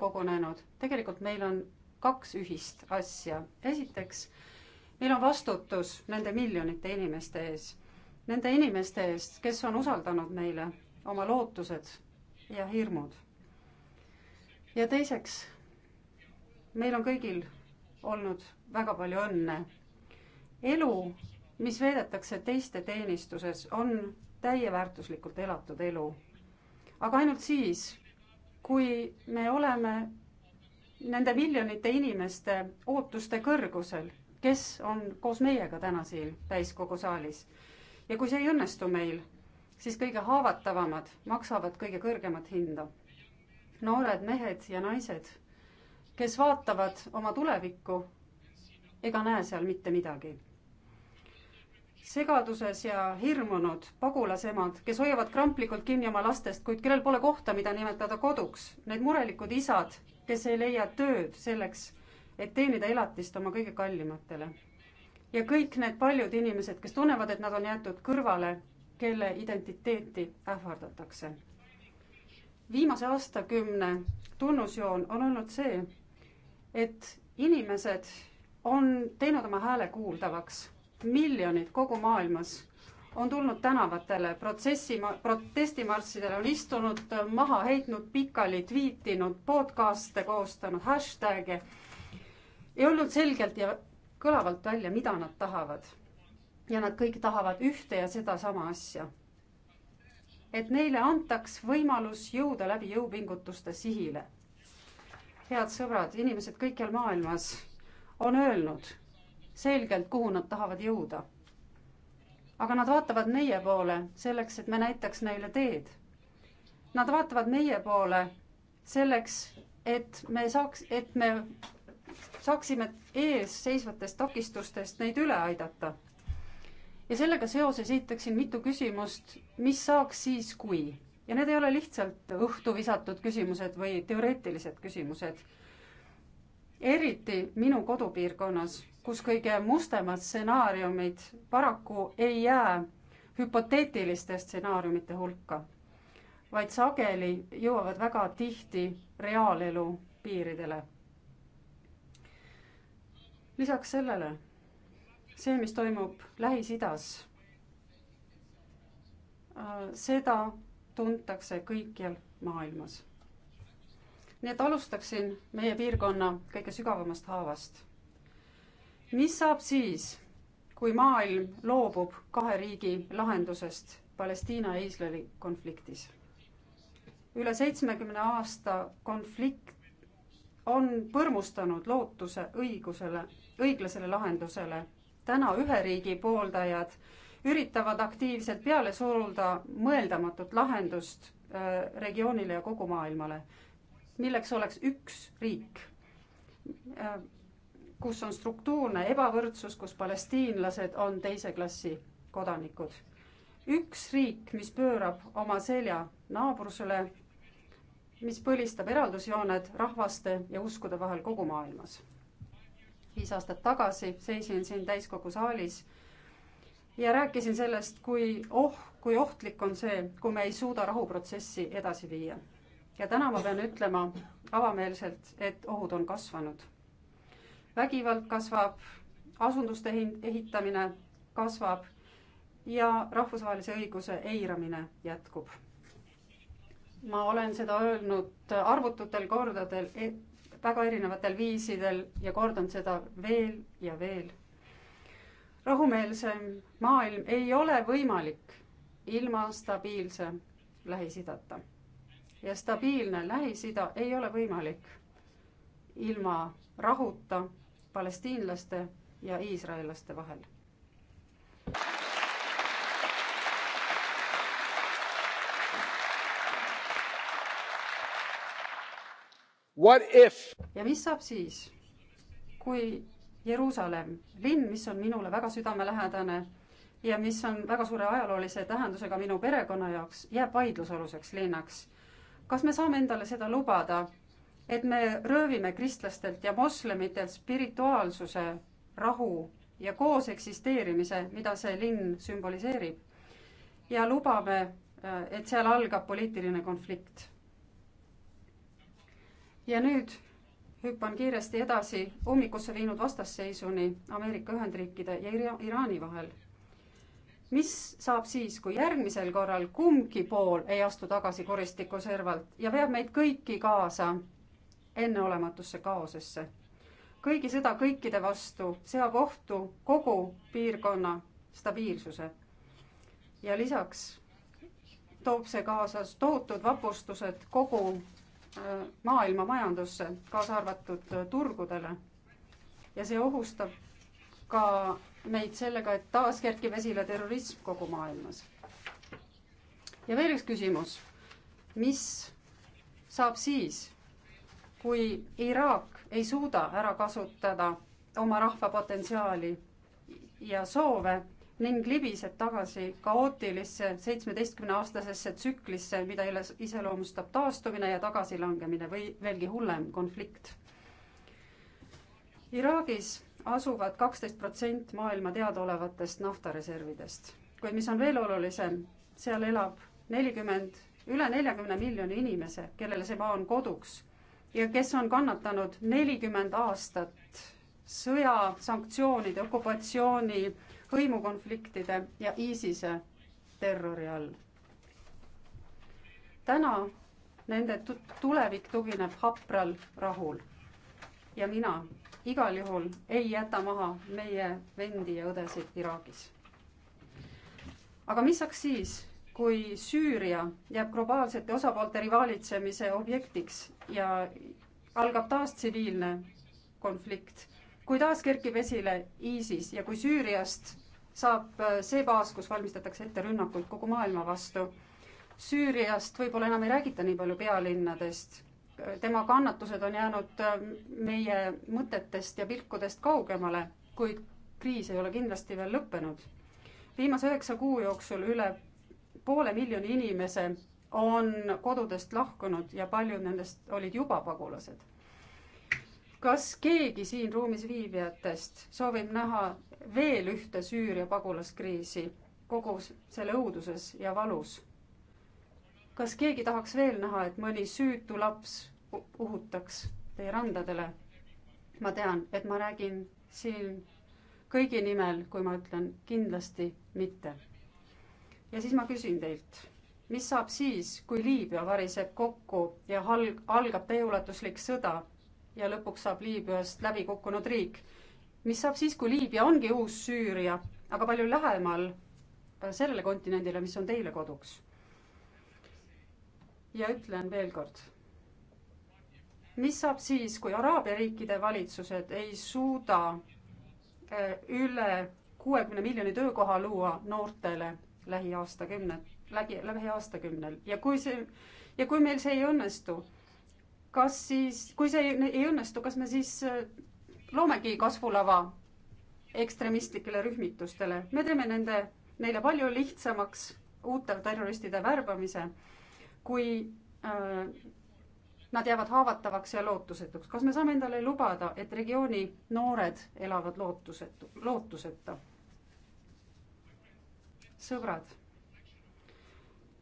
kogunenud, tegelikult meil on kaks ühist asja. esiteks, meil on vastutus nende miljonite inimeste ees, nende inimeste eest, kes on usaldanud meile oma lootused ja hirmud. ja teiseks, meil on kõigil olnud väga palju õnne. elu, mis veedetakse teiste teenistuses, on täieväärtuslikult elatud elu. aga ainult siis, kui me oleme nende miljonite inimeste ootuste kõrgusel, kes on koos meiega täna siin täiskogu saalis. ja kui see ei õnnestu meil, siis kõige haavatavamad maksavad kõige kõrgemat hinda. noored mehed ja naised, kes vaatavad oma tulevikku ega näe seal mitte midagi segaduses ja hirmunud pagulasemad, kes hoiavad kramplikult kinni oma lastest, kuid kellel pole kohta, mida nimetada koduks. Need murelikud isad, kes ei leia tööd selleks, et teenida elatist oma kõige kallimatele. ja kõik need paljud inimesed, kes tunnevad, et nad on jäetud kõrvale, kelle identiteeti ähvardatakse. viimase aastakümne tunnusjoon on olnud see, et inimesed on teinud oma hääle kuuldavaks miljonid kogu maailmas on tulnud tänavatele, protsessi, protestimarssidele, on istunud maha, heitnud pikali, tweetinud, podcast'e koostanud, hashtag'e. ei olnud selgelt ja kõlavalt välja, mida nad tahavad. ja nad kõik tahavad ühte ja sedasama asja. et neile antaks võimalus jõuda läbi jõupingutuste sihile. head sõbrad, inimesed kõikjal maailmas on öelnud selgelt, kuhu nad tahavad jõuda. aga nad vaatavad meie poole selleks, et me näitaks neile teed. Nad vaatavad meie poole selleks, et me saaks, et me saaksime ees seisvatest takistustest neid üle aidata. ja sellega seoses esitaksin mitu küsimust, mis saaks siis, kui. ja need ei ole lihtsalt õhtu visatud küsimused või teoreetilised küsimused. eriti minu kodupiirkonnas kus kõige mustemad stsenaariumid paraku ei jää hüpoteetiliste stsenaariumite hulka, vaid sageli jõuavad väga tihti reaalelu piiridele. lisaks sellele, see, mis toimub Lähis-Idas, äh, seda tuntakse kõikjal maailmas. nii et alustaksin meie piirkonna kõige sügavamast haavast mis saab siis, kui maailm loobub kahe riigi lahendusest Palestiina ja Iisraeli konfliktis? üle seitsmekümne aasta konflikt on põrmustanud lootuse õigusele, õiglasele lahendusele. täna ühe riigi pooldajad üritavad aktiivselt peale suruda mõeldamatut lahendust äh, regioonile ja kogu maailmale, milleks oleks üks riik äh, kus on struktuurne ebavõrdsus, kus palestiinlased on teise klassi kodanikud. üks riik, mis pöörab oma selja naabrusele, mis põlistab eraldusjooned rahvaste ja uskude vahel kogu maailmas. viis aastat tagasi seisin siin täiskogu saalis ja rääkisin sellest, kui oh, kui ohtlik on see, kui me ei suuda rahuprotsessi edasi viia. ja täna ma pean ütlema avameelselt, et ohud on kasvanud vägivald kasvab, asunduste ehitamine kasvab ja rahvusvahelise õiguse eiramine jätkub. ma olen seda öelnud arvututel kordadel, e-, väga erinevatel viisidel ja kordan seda veel ja veel. rahumeelsem maailm ei ole võimalik ilma stabiilse Lähis-Idata. ja stabiilne Lähis-Ida ei ole võimalik ilma rahuta palestiinlaste ja iisraellaste vahel. ja mis saab siis, kui Jeruusalemm, linn, mis on minule väga südamelähedane ja mis on väga suure ajaloolise tähendusega minu perekonna jaoks, jääb vaidlusaluseks linnaks. kas me saame endale seda lubada, et me röövime kristlastelt ja moslemitelt spirituaalsuse, rahu ja koos eksisteerimise, mida see linn sümboliseerib. ja lubame, äh, et seal algab poliitiline konflikt. ja nüüd hüppan kiiresti edasi ummikusse viinud vastasseisuni Ameerika Ühendriikide ja Ira Iraani vahel. mis saab siis, kui järgmisel korral kumbki pool ei astu tagasi kuristiku servalt ja veab meid kõiki kaasa enneolematusse kaosesse. kõigi sõda kõikide vastu seab ohtu kogu piirkonna stabiilsuse. ja lisaks toob see kaasas tohutud vapustused kogu äh, maailma majandusse, kaasa arvatud äh, turgudele. ja see ohustab ka meid sellega, et taas kerkib esile terrorism kogu maailmas. ja veel üks küsimus. mis saab siis, kui Iraak ei suuda ära kasutada oma rahva potentsiaali ja soove ning libiseb tagasi kaootilisse seitsmeteistkümneaastasesse tsüklisse, mida iseloomustab taastumine ja tagasilangemine või veelgi hullem, konflikt. Iraagis asuvad kaksteist protsent maailma teadaolevatest naftareservidest, kuid mis on veel olulisem, seal elab nelikümmend, üle neljakümne miljoni inimese, kellele see maa on koduks ja kes on kannatanud nelikümmend aastat sõja, sanktsioonide, okupatsiooni, hõimukonfliktide ja ISISe terrori all. täna nende tulevik tugineb hapral rahul ja mina igal juhul ei jäta maha meie vendi ja õdesid Iraagis. aga mis saaks siis, kui Süüria jääb globaalsete osapoolte rivaalitsemise objektiks ja algab taas tsiviilne konflikt, kui taas kerkib esile ISIS ja kui Süüriast saab äh, see baas, kus valmistatakse ette rünnakuid kogu maailma vastu. Süüriast võib-olla enam ei räägita nii palju pealinnadest. tema kannatused on jäänud äh, meie mõtetest ja pilkudest kaugemale, kuid kriis ei ole kindlasti veel lõppenud. viimase üheksa kuu jooksul üle poole miljoni inimese on kodudest lahkunud ja paljud nendest olid juba pagulased. kas keegi siin ruumis viibijatest soovib näha veel ühte Süüria pagulaskriisi kogu selle õuduses ja valus? kas keegi tahaks veel näha, et mõni süütu laps uhutaks teie randadele? ma tean, et ma räägin siin kõigi nimel, kui ma ütlen kindlasti mitte ja siis ma küsin teilt, mis saab siis, kui Liibüa variseb kokku ja hal-, algab täieulatuslik sõda ja lõpuks saab Liibüast läbi kukkunud riik? mis saab siis, kui Liibüa ongi uus Süüria, aga palju lähemal äh, sellele kontinendile, mis on teile koduks? ja ütlen veel kord, mis saab siis, kui Araabia riikide valitsused ei suuda äh, üle kuuekümne miljoni töökoha luua noortele lähiaastakümne, läbi, lähiaastakümnel ja kui see ja kui meil see ei õnnestu, kas siis, kui see ei, ei õnnestu, kas me siis äh, loomegi kasvulava ekstremistlikele rühmitustele, me teeme nende, neile palju lihtsamaks uute terroristide värbamise, kui äh, nad jäävad haavatavaks ja lootusetuks. kas me saame endale lubada, et regiooni noored elavad lootusetu, lootuseta? sõbrad,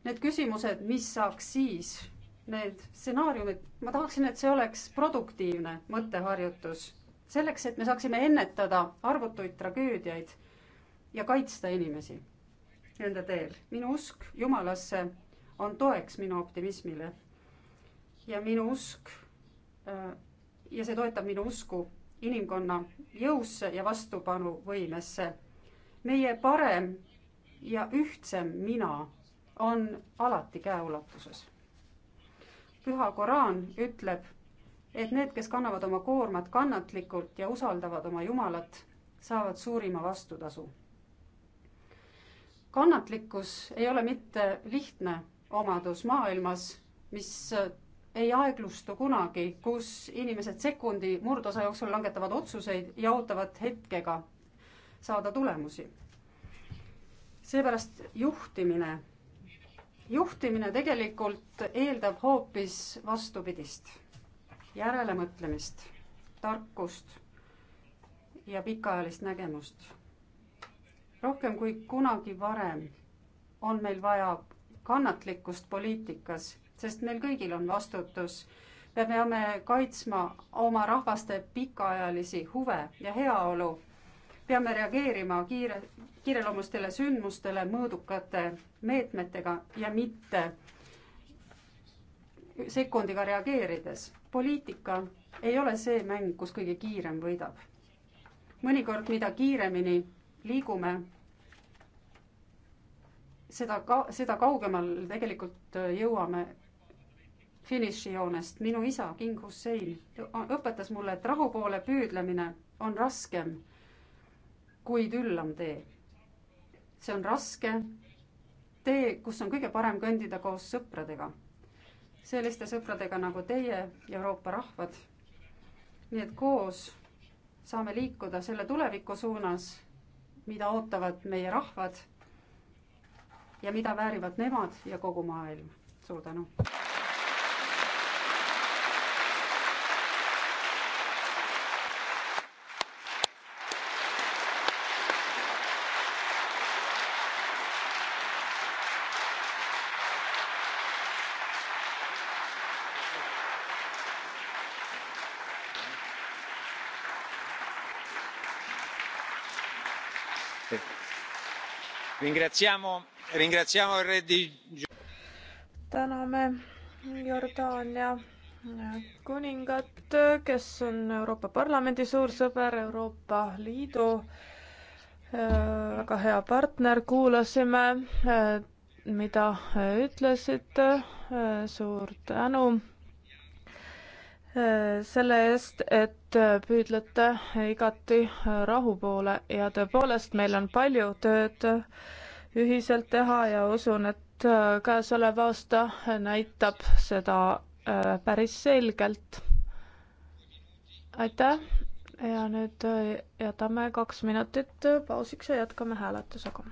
need küsimused, mis saaks siis, need stsenaariumid, ma tahaksin, et see oleks produktiivne mõtteharjutus, selleks, et me saaksime ennetada arvutuid tragöödiaid ja kaitsta inimesi nende teel. minu usk Jumalasse on toeks minu optimismile. ja minu usk äh, ja see toetab minu usku inimkonna jõusse ja vastupanuvõimesse. meie parem ja ühtsem mina on alati käeulatuses. püha Koraan ütleb, et need, kes kannavad oma koormat kannatlikult ja usaldavad oma Jumalat, saavad suurima vastutasu. kannatlikkus ei ole mitte lihtne omadus maailmas, mis ei aeglustu kunagi, kus inimesed sekundi murdosa jooksul langetavad otsuseid ja ootavad hetkega saada tulemusi seepärast juhtimine, juhtimine tegelikult eeldab hoopis vastupidist, järelemõtlemist, tarkust ja pikaajalist nägemust. rohkem kui kunagi varem on meil vaja kannatlikkust poliitikas, sest meil kõigil on vastutus. me peame kaitsma oma rahvaste pikaajalisi huve ja heaolu peame reageerima kiire, kiireloomustele sündmustele mõõdukate meetmetega ja mitte sekundiga reageerides. poliitika ei ole see mäng, kus kõige kiirem võidab. mõnikord, mida kiiremini liigume, seda ka, seda kaugemal tegelikult jõuame finišijoonest. minu isa, King Hussein, õpetas mulle, et rahu poole püüdlemine on raskem kuid üllam tee. see on raske tee, kus on kõige parem kõndida koos sõpradega, selliste sõpradega nagu teie, Euroopa rahvad. nii et koos saame liikuda selle tuleviku suunas, mida ootavad meie rahvad ja mida väärivad nemad ja kogu maailm. suur tänu! täname jordaania eh, kuningat kes on euroopa parlamendi suur sõber euroopa liidu eh, väga hea partner kuulasime eh, mida ütlesite suur tänu Äh, selle eest, et äh, püüdlete igati äh, rahu poole ja tõepoolest, meil on palju tööd ühiselt teha ja usun, et käesolev aasta näitab seda päris selgelt. aitäh ja nüüd jätame kaks minutit pausiks ja jätkame hääletusega.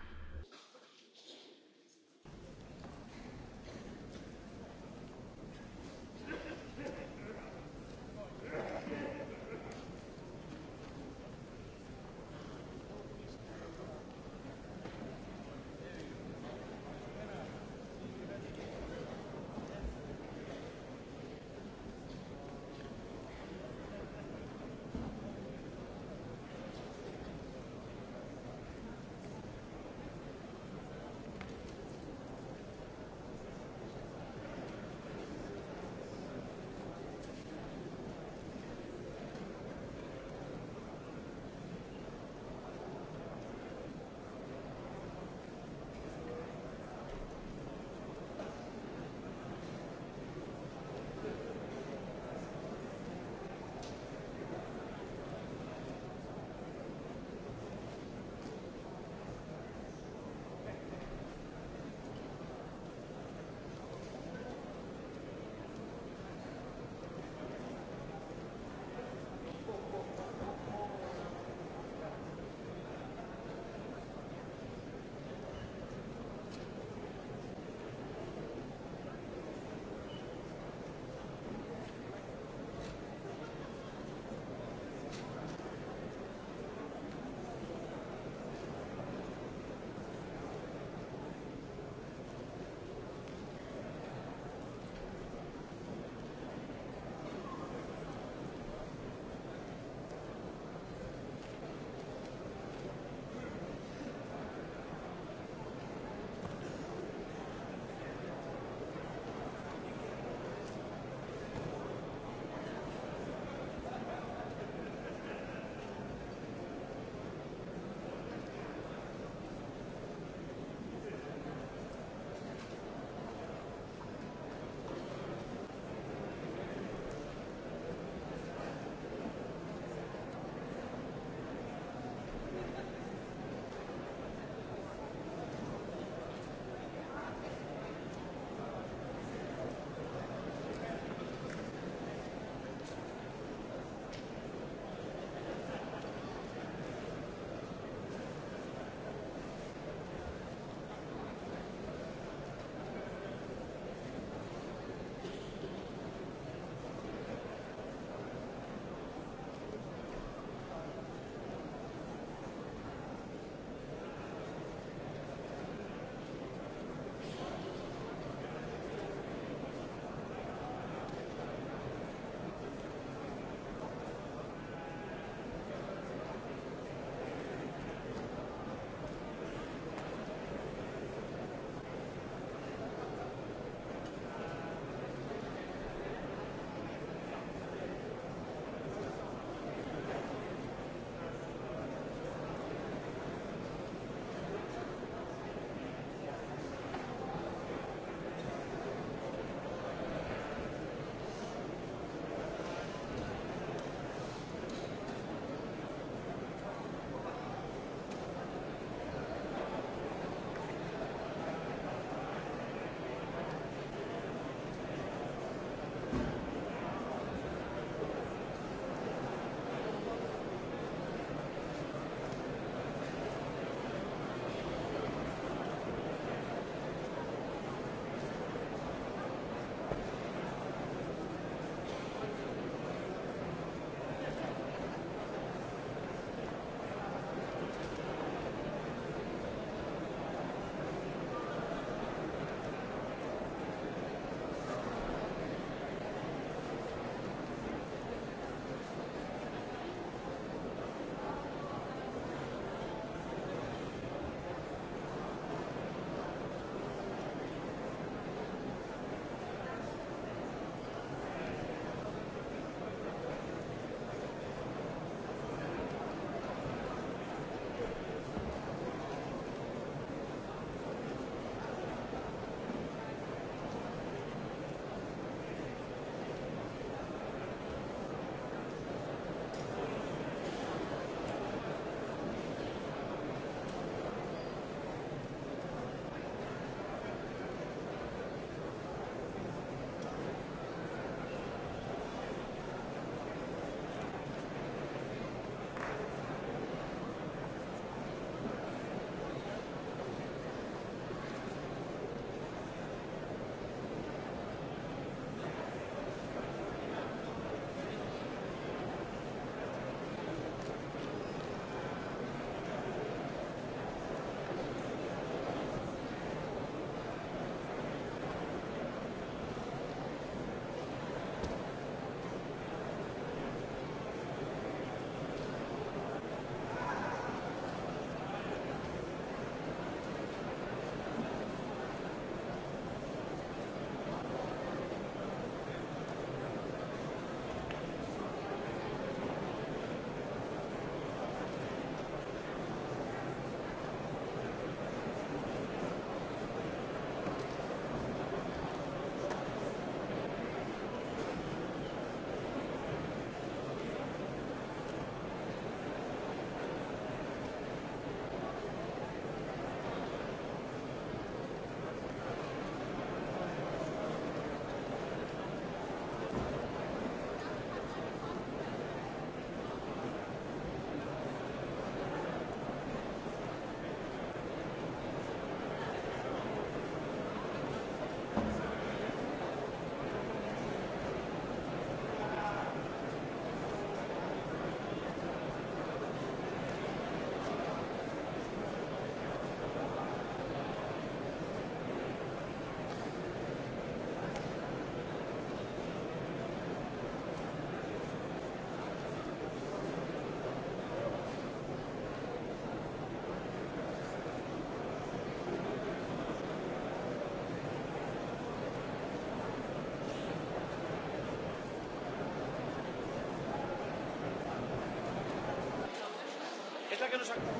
que nos acompaña.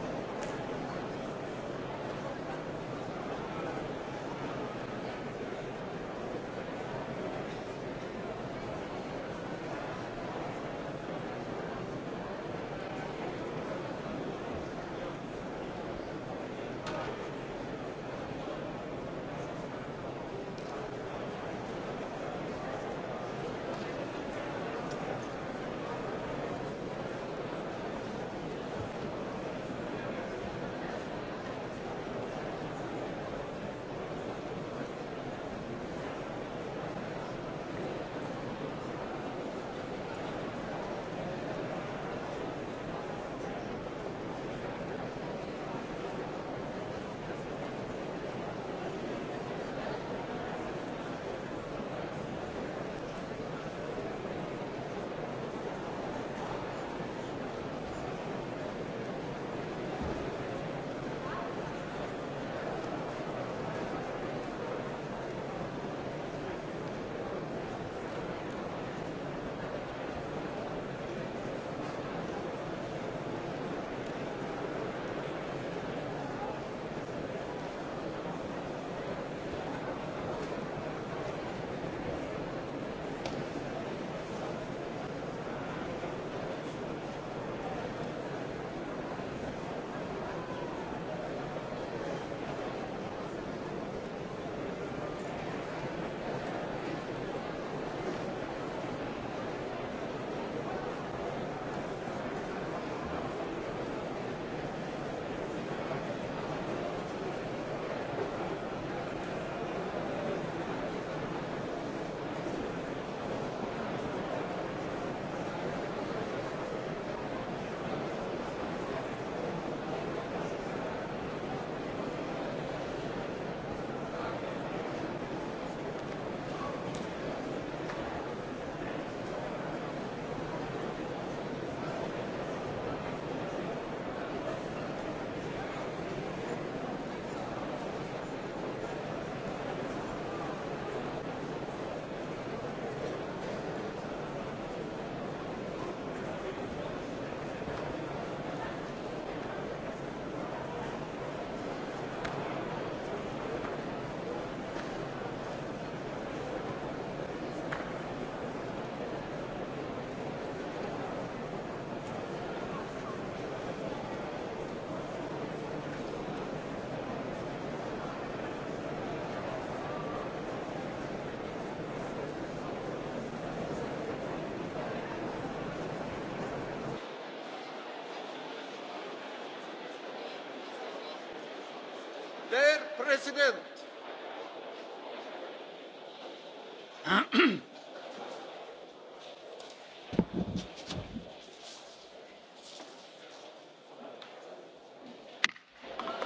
president.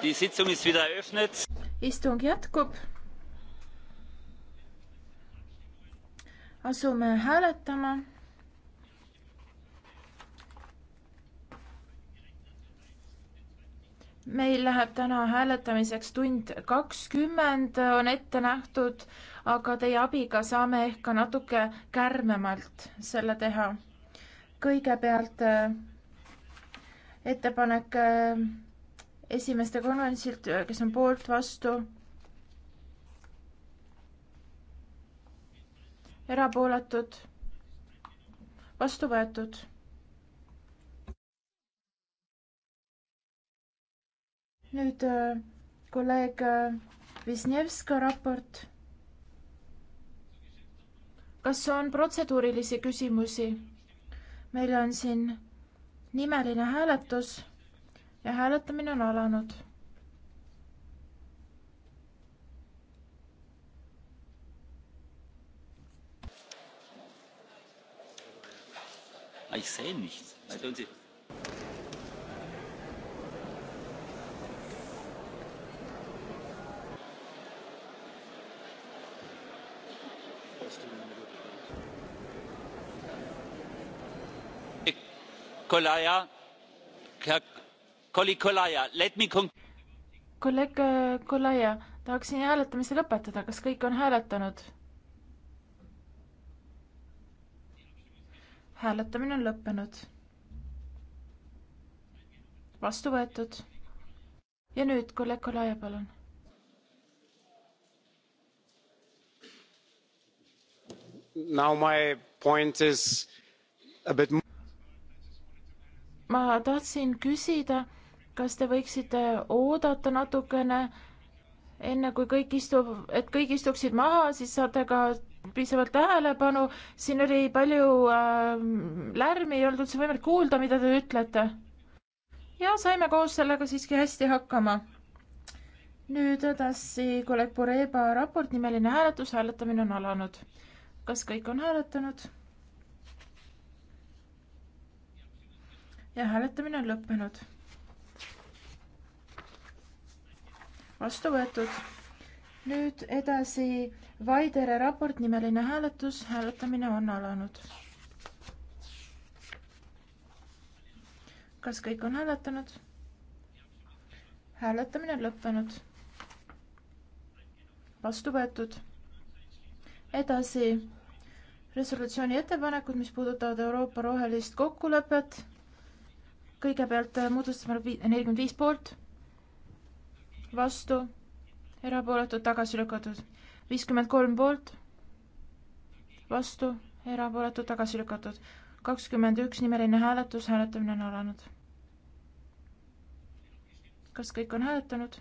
Die Sitzung ist wieder eröffnet. Istung jätkub. asume hääletama meil läheb täna hääletamiseks tund kakskümmend on ette nähtud, aga teie abiga saame ehk ka natuke kärmemalt selle teha. kõigepealt äh, ettepanek äh, esimeste konverentsilt, äh, kes on poolt, vastu, erapooletud, vastu võetud nüüd äh, kolleeg Visnevska äh, raport. kas on protseduurilisi küsimusi? meil on siin nimeline hääletus ja hääletamine on alanud ich sehe nichts. kolleeg äh, Kolaja, tahaksin hääletamise lõpetada, kas kõik on hääletanud? hääletamine on lõppenud. vastu võetud. ja nüüd kolleeg Kolaja, palun now my point is a bit ma tahtsin küsida, kas te võiksite oodata natukene, enne kui kõik istub, et kõik istuksid maha, siis saate ka piisavalt tähelepanu. siin oli palju äh, lärmi, ei olnud üldse võimalik kuulda, mida te ütlete. ja saime koos sellega siiski hästi hakkama. nüüd edasi kolleeg Poreba raport, nimeline hääletus, hääletamine on alanud. kas kõik on hääletanud? ja hääletamine on lõppenud. vastu võetud. nüüd edasi Vaidere raport, nimeline hääletus, hääletamine on alanud. kas kõik on hääletanud? hääletamine on lõppenud. vastu võetud. edasi resolutsiooni ettepanekud, mis puudutavad Euroopa rohelist kokkulepet kõigepealt äh, muudatusettepanek nelikümmend viis poolt, vastu, erapooletud, tagasi lükatud. viiskümmend kolm poolt, vastu, erapooletud, tagasi lükatud. kakskümmend üks nimeline hääletus, hääletamine on alanud. kas kõik on hääletanud?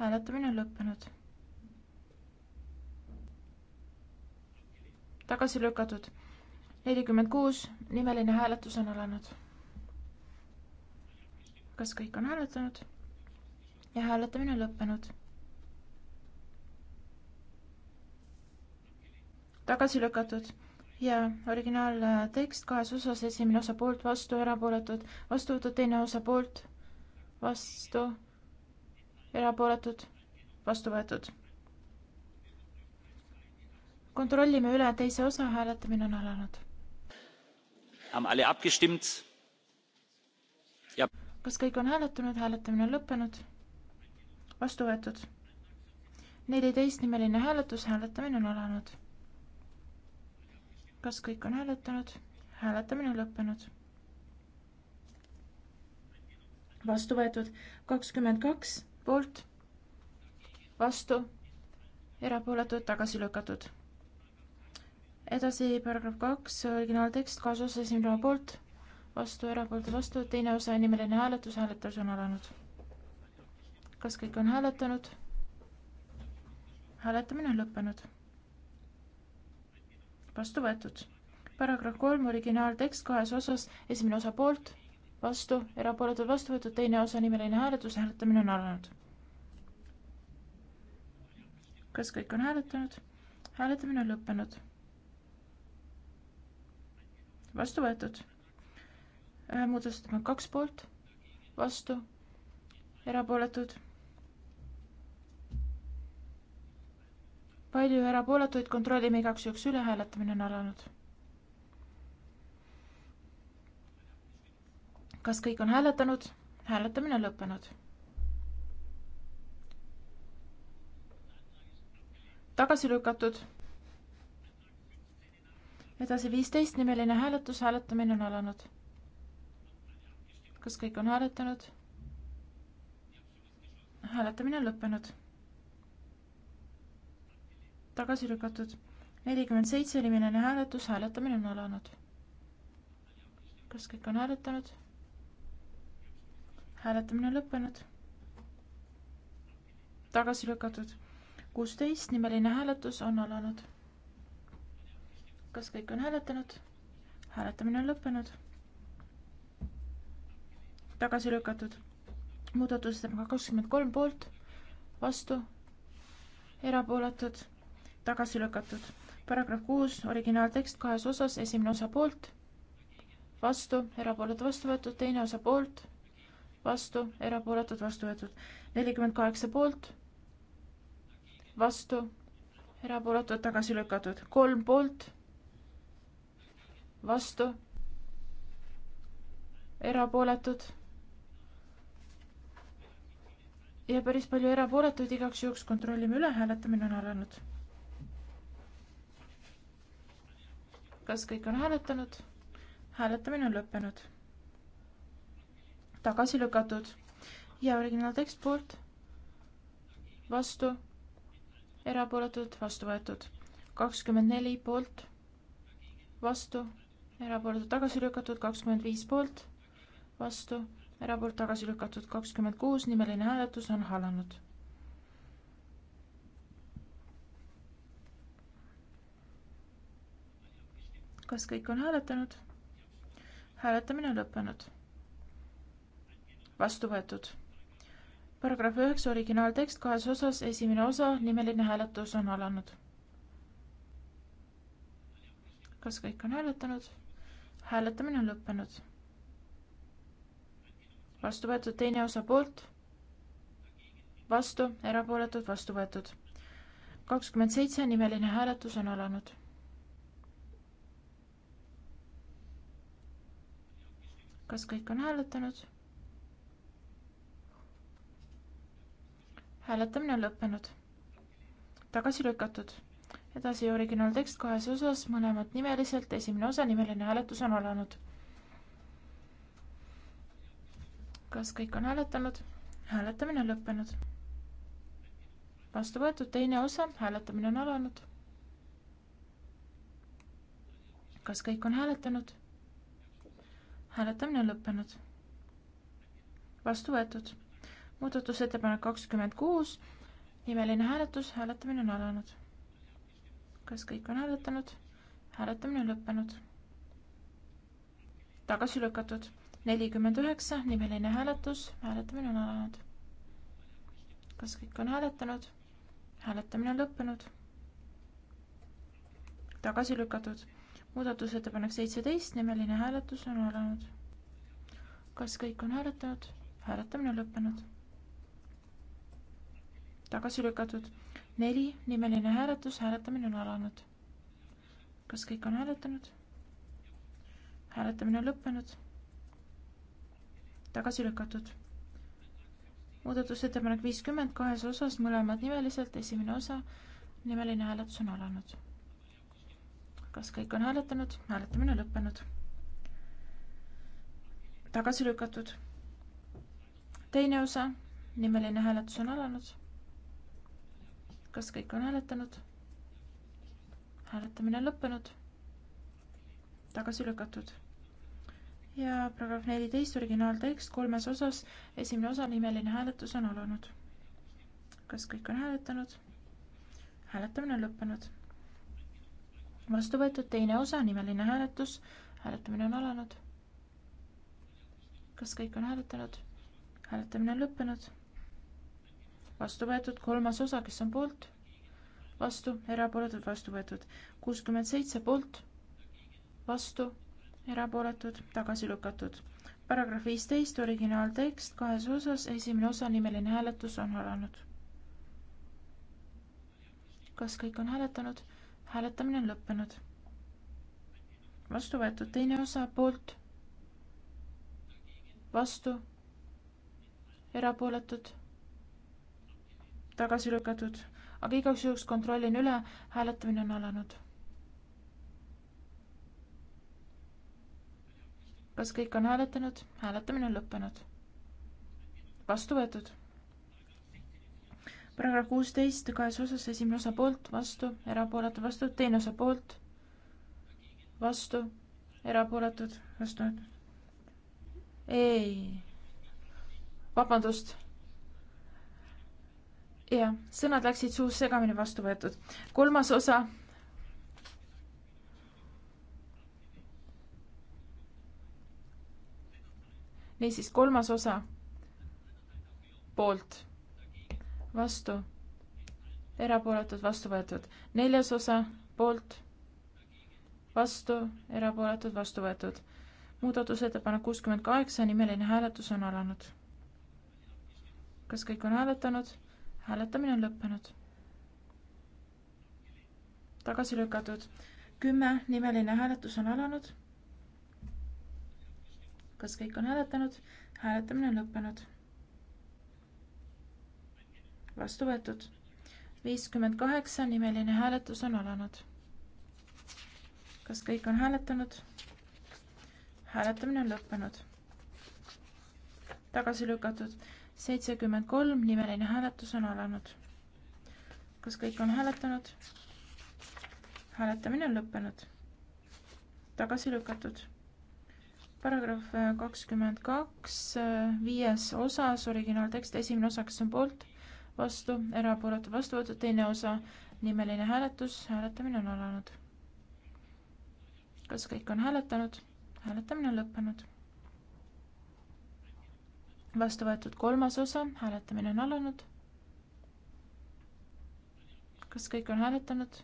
hääletamine on lõppenud. tagasi lükatud. nelikümmend kuus nimeline hääletus on alanud kas kõik on hääletanud? ja hääletamine on lõppenud. tagasi lükatud ja originaaltekst kahes osas, esimene osa poolt, vastu, erapooletud, vastu võetud, teine osa poolt, vastu, erapooletud, vastu võetud. kontrollime üle, teise osa hääletamine on alanud. Haben alle abgestimmt? kas kõik on hääletanud, hääletamine on lõppenud? vastu võetud. neliteist nimeline hääletus, hääletamine on alanud. kas kõik on hääletanud? hääletamine on lõppenud. vastu võetud kakskümmend kaks poolt, vastu, erapooletud, tagasi lükatud edasi paragrahv kaks, originaaltekst kaasosas esimene poolt, vastu, erapooletu vastu, teine osa inimeline hääletus, hääletus on alanud. kas kõik on hääletanud? hääletamine on lõppenud. vastu võetud. paragrahv kolm, originaaltekst kahes osas, esimene osa poolt, vastu, erapooletud vastu võetud, teine osa nimeline hääletus, hääletamine on alanud. kas kõik on hääletanud? hääletamine on lõppenud. vastu võetud Äh, muudatusettepanek kaks poolt, vastu, erapooletud. palju erapooletuid, kontrollime igaks juhuks üle, hääletamine on alanud. kas kõik on hääletanud? hääletamine on lõppenud. tagasi lükatud. edasi viisteist nimeline hääletus, hääletamine on alanud kas kõik on hääletanud? hääletamine on lõppenud. tagasi lükatud. nelikümmend seitse inimene hääletus, hääletamine on alanud. kas kõik on hääletanud? hääletamine on lõppenud. tagasi lükatud. kuusteist nimeline hääletus on alanud. kas kõik on hääletanud? hääletamine on lõppenud tagasi lükatud. muudatusettepanek kakskümmend kolm poolt, vastu, erapooletud, tagasi lükatud. paragrahv kuus, originaaltekst kahes osas, esimene osa poolt, vastu, erapooletu vastu võetud, teine osa poolt, vastu, erapooletud vastu võetud. nelikümmend kaheksa poolt, vastu, erapooletud tagasi lükatud, kolm poolt, vastu erapooletud. ja päris palju erapooletuid, igaks juhuks kontrollime üle, hääletamine on alanud. kas kõik on hääletanud? hääletamine on lõppenud. tagasi lükatud ja originaaltekst poolt, vastu, erapooletud, vastu võetud. kakskümmend neli poolt, vastu, erapooletud, tagasi lükatud, kakskümmend viis poolt, vastu raport tagasi lükatud kakskümmend kuus, nimeline hääletus on alanud. kas kõik on hääletanud? hääletamine on lõppenud. vastu võetud. paragrahv üheksa originaaltekst kahes osas, esimene osa, nimeline hääletus on alanud. kas kõik on hääletanud? hääletamine on lõppenud vastu võetud, teine osa poolt, vastu, erapooletud, vastu võetud. kakskümmend seitse, nimeline hääletus on alanud. kas kõik on hääletanud? hääletamine on lõppenud. tagasi lükatud. edasi originaaltekst kahes osas, mõlemad nimeliselt, esimene osa, nimeline hääletus on alanud kas kõik on hääletanud? hääletamine on lõppenud. vastu võetud teine osa, hääletamine on alanud. kas kõik on hääletanud? hääletamine on lõppenud. vastu võetud. muudatusettepanek kakskümmend kuus, nimeline hääletus, hääletamine on alanud. kas kõik on hääletanud? hääletamine on lõppenud. tagasi lükatud nelikümmend üheksa, nimeline hääletus, hääletamine on alanud. kas kõik on hääletanud? hääletamine on lõppenud. tagasi lükatud. muudatusettepanek seitseteist, nimeline hääletus on alanud. kas kõik on hääletanud? hääletamine on lõppenud. tagasi lükatud. neli, nimeline hääletus, hääletamine on alanud. kas kõik on hääletanud? hääletamine on lõppenud tagasi lükatud. muudatusettepanek viiskümmend kahes osas, mõlemad nimeliselt, esimene osa, nimeline hääletus on alanud. kas kõik on hääletanud? hääletamine on lõppenud. tagasi lükatud. teine osa, nimeline hääletus on alanud. kas kõik on hääletanud? hääletamine on lõppenud. tagasi lükatud ja paragrahv neliteist, originaaltekst kolmes osas, esimene osa, nimeline hääletus on alanud. kas kõik on hääletanud? hääletamine on lõppenud. vastu võetud teine osa, nimeline hääletus, hääletamine on alanud. kas kõik on hääletanud? hääletamine on lõppenud. vastu võetud kolmas osa, kes on poolt? vastu, erapooletud, vastu võetud. kuuskümmend seitse poolt, vastu erapooletud, tagasi lükatud. paragrahv viisteist, originaaltekst kahes osas, esimene osa, nimeline hääletus on alanud. kas kõik on hääletanud? hääletamine on lõppenud. vastu võetud teine osa, poolt, vastu, erapooletud, tagasi lükatud, aga igaks juhuks kontrollin üle, hääletamine on alanud kas kõik on hääletanud? hääletamine on lõppenud. vastu võetud. paragrahv kuusteist kahes osas, esimene osa poolt, vastu, erapooletu, vastu, teine osa poolt, vastu, erapooletud, vastu. ei, vabandust. jah, sõnad läksid suust segamini, vastu võetud. kolmas osa niisiis, kolmas osa poolt, vastu, erapooletud, vastu võetud. neljas osa poolt, vastu, erapooletud, vastu võetud. muudatusettepanek kuuskümmend kaheksa, nimeline hääletus on alanud. kas kõik on hääletanud? hääletamine on lõppenud. tagasi lükatud. kümme, nimeline hääletus on alanud kas kõik on hääletanud? hääletamine on lõppenud. vastu võetud. viiskümmend kaheksa nimeline hääletus on alanud. kas kõik on hääletanud? hääletamine on lõppenud. tagasi lükatud. seitsekümmend kolm nimeline hääletus on alanud. kas kõik on hääletanud? hääletamine on lõppenud. tagasi lükatud paragrahv äh, kakskümmend kaks, äh, viies osas, originaaltekst, esimene osa, kes on poolt, vastu, erapooletu, vastu võetud, teine osa, nimeline hääletus, hääletamine on alanud. kas kõik on hääletanud? hääletamine on lõppenud. vastu võetud kolmas osa, hääletamine on alanud. kas kõik on hääletanud?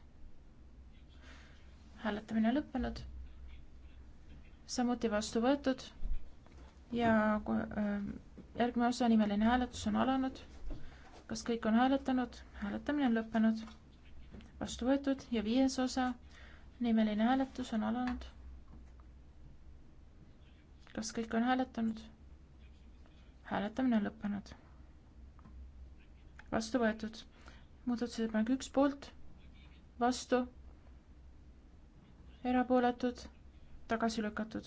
hääletamine on lõppenud samuti vastu võetud ja ähm, järgmine osa nimeline hääletus on alanud. kas kõik on hääletanud? hääletamine on lõppenud. vastu võetud ja viies osa nimeline hääletus on alanud. kas kõik on hääletanud? hääletamine on lõppenud. vastu võetud. muudatusettepanek üks poolt, vastu, erapooletud tagasi lükatud.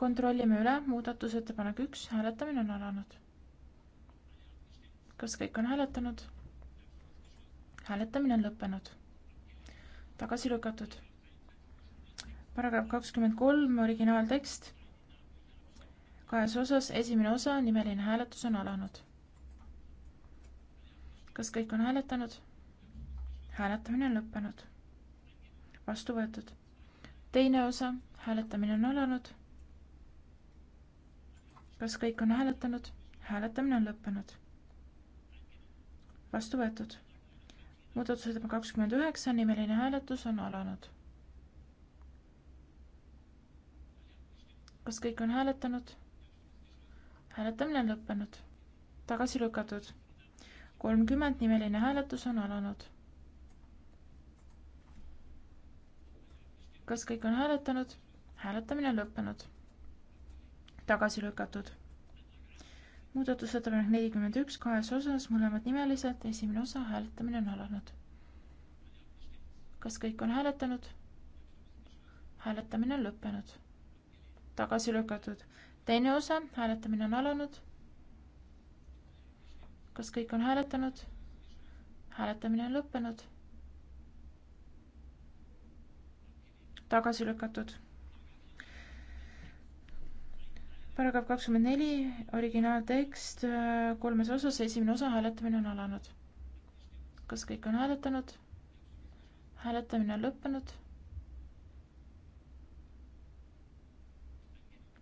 kontrollime üle, muudatusettepanek üks, hääletamine on alanud. kas kõik on hääletanud? hääletamine on lõppenud. tagasi lükatud. paragrahv kakskümmend kolm, originaaltekst. kahes osas, esimene osa, nimeline hääletus on alanud. kas kõik on hääletanud? hääletamine on lõppenud vastu võetud. teine osa, hääletamine on alanud. kas kõik on hääletanud? hääletamine on lõppenud. vastu võetud. muudatusettepanek kakskümmend üheksa, nimeline hääletus on alanud. kas kõik on hääletanud? hääletamine on lõppenud. tagasi lükatud. kolmkümmend nimeline hääletus on alanud kas kõik on hääletanud? hääletamine on lõppenud. tagasi lükatud. muudatusettepanek nelikümmend üks kahes osas, mõlemad nimelised, esimene osa, hääletamine on alanud. kas kõik on hääletanud? hääletamine on lõppenud. tagasi lükatud. teine osa, hääletamine on alanud. kas kõik on hääletanud? hääletamine on lõppenud tagasi lükatud. paragrahv kakskümmend neli, originaaltekst äh, kolmes osas, esimene osa, hääletamine on alanud. kas kõik on hääletanud? hääletamine on lõppenud.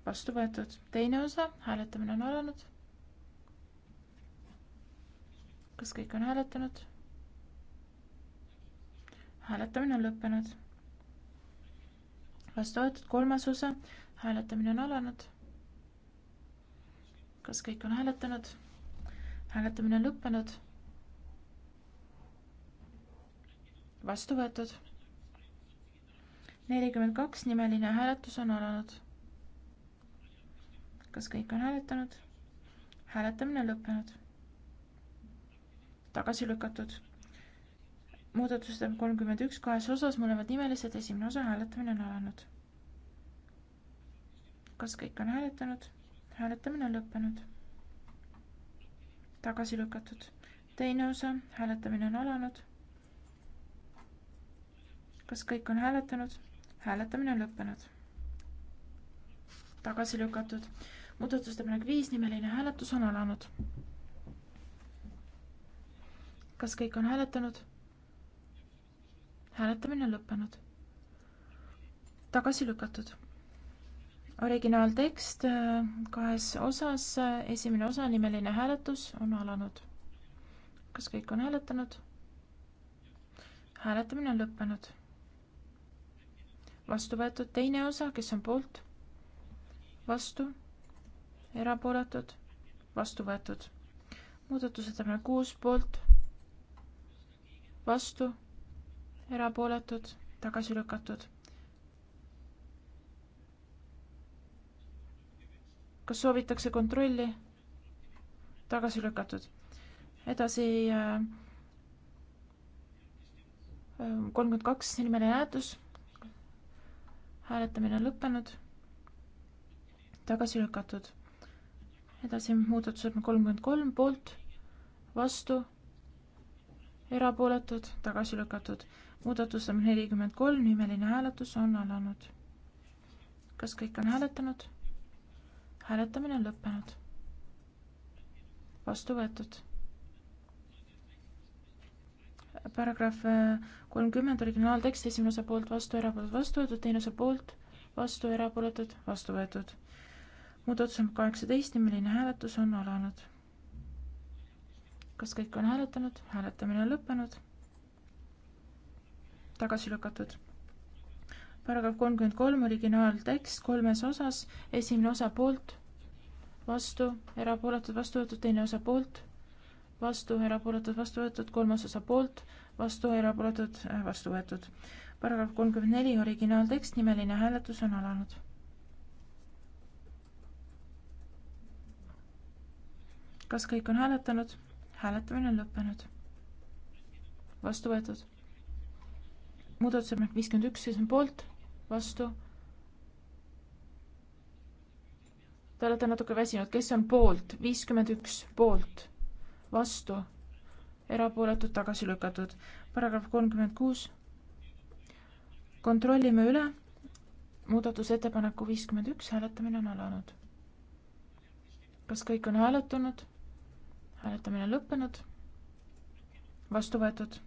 vastu võetud, teine osa, hääletamine on alanud. kas kõik on hääletanud? hääletamine on lõppenud vastu võetud, kolmas osa, hääletamine on alanud. kas kõik on hääletanud? hääletamine on lõppenud. vastu võetud. nelikümmend kaks nimeline hääletus on alanud. kas kõik on hääletanud? hääletamine on lõppenud. tagasi lükatud muudatusettepanek kolmkümmend üks kahes osas, mõlemad nimelised, esimene osa, hääletamine on alanud. kas kõik on hääletanud? hääletamine on lõppenud. tagasi lükatud. teine osa, hääletamine on alanud. kas kõik on hääletanud? hääletamine on lõppenud. tagasi lükatud. muudatusettepanek viis, nimeline hääletus on alanud kas kõik on hääletanud? hääletamine on lõppenud. tagasi lükatud. originaaltekst äh, kahes osas, esimene osa, nimeline hääletus on alanud. kas kõik on hääletanud? hääletamine on lõppenud. vastu võetud teine osa, kes on poolt? vastu, erapooletud, vastu võetud. muudatusettepanek kuus poolt, vastu erapooletud, tagasi lükatud. kas soovitakse kontrolli? tagasi lükatud. edasi äh, äh, kolmkümmend kaks, nimeline hääletus. hääletamine on lõppenud. tagasi lükatud. edasi muudatused kolmkümmend kolm poolt, vastu, erapooletud, tagasi lükatud muudatus on nelikümmend kolm, nimeline hääletus on alanud. kas kõik on hääletanud? hääletamine on lõppenud. vastu võetud. paragrahv äh, kolmkümmend originaaltekst, esimene osa poolt, vastu, erapooletud, vastu võetud, teine osa poolt, vastu, erapooletud, vastu võetud. muudatus on kaheksateist, nimeline hääletus on alanud. kas kõik on hääletanud? hääletamine on lõppenud tagasi lükatud. paragrahv kolmkümmend kolm, originaaltekst kolmes osas, esimene osa poolt, vastu, erapooletud, vastu võetud, teine osa poolt, vastu, erapooletud, vastu võetud, kolmas osa poolt, vastu, erapooletud, vastu võetud. paragrahv kolmkümmend neli, originaaltekst, nimeline hääletus on alanud. kas kõik on hääletanud? hääletamine on lõppenud. vastu võetud muudatusettepanek viiskümmend üks, siis on poolt, vastu. Te olete natuke väsinud, kes on poolt, viiskümmend üks poolt, vastu, erapooletud, tagasi lükatud. paragrahv kolmkümmend kuus. kontrollime üle. muudatusettepaneku viiskümmend üks hääletamine on alanud. kas kõik on hääletanud? hääletamine on lõppenud. vastu võetud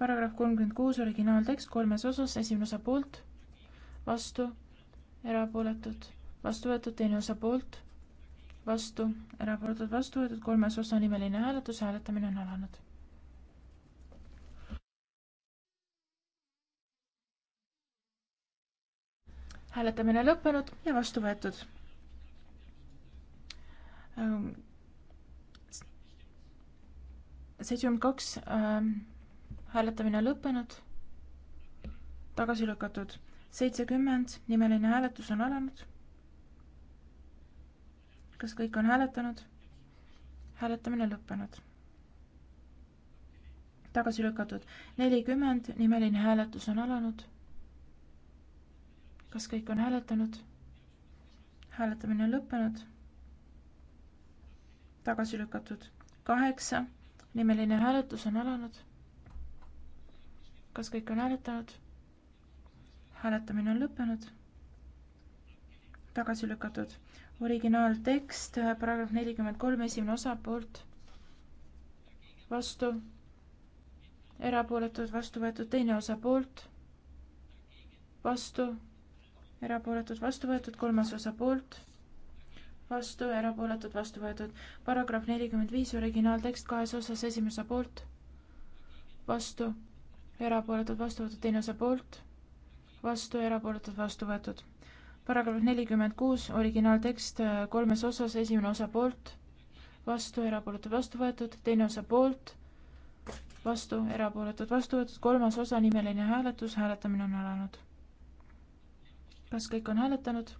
paragrahv kolmkümmend kuus, originaaltekst kolmes osas, esimene osa poolt, vastu, erapooletud, vastu võetud, teine osa poolt, vastu, erapooletud, vastu võetud, kolmas osa nimeline hääletus, hääletamine on alanud. hääletamine lõppenud ja vastu võetud. Ehm, seitsekümmend kaks ehm, hääletamine on lõppenud, tagasi lükatud. seitsekümmend, nimeline hääletus on alanud. kas kõik on hääletanud? hääletamine lõppenud. tagasi lükatud. nelikümmend, nimeline hääletus on alanud. kas kõik on hääletanud? hääletamine on lõppenud. tagasi lükatud. kaheksa, nimeline hääletus on alanud kas kõik on hääletanud? hääletamine on lõppenud. tagasi lükatud. originaaltekst, äh, paragrahv nelikümmend kolm, esimene osa poolt, vastu, erapooletud, vastu võetud, teine osa poolt, vastu, erapooletud, vastu võetud, kolmas osa poolt, vastu, erapooletud, vastu võetud. paragrahv nelikümmend viis, originaaltekst kahes osas, esimese poolt, vastu erapooletud, vastu võetud, teine osa poolt, vastu, erapooletud, vastu võetud. paragrahv nelikümmend kuus, originaaltekst äh, kolmes osas, esimene osa poolt, vastu, erapooletud, vastu võetud, teine osa poolt, vastu, erapooletud, vastu võetud, kolmas osa, nimeline hääletus, hääletamine on alanud. kas kõik on hääletanud?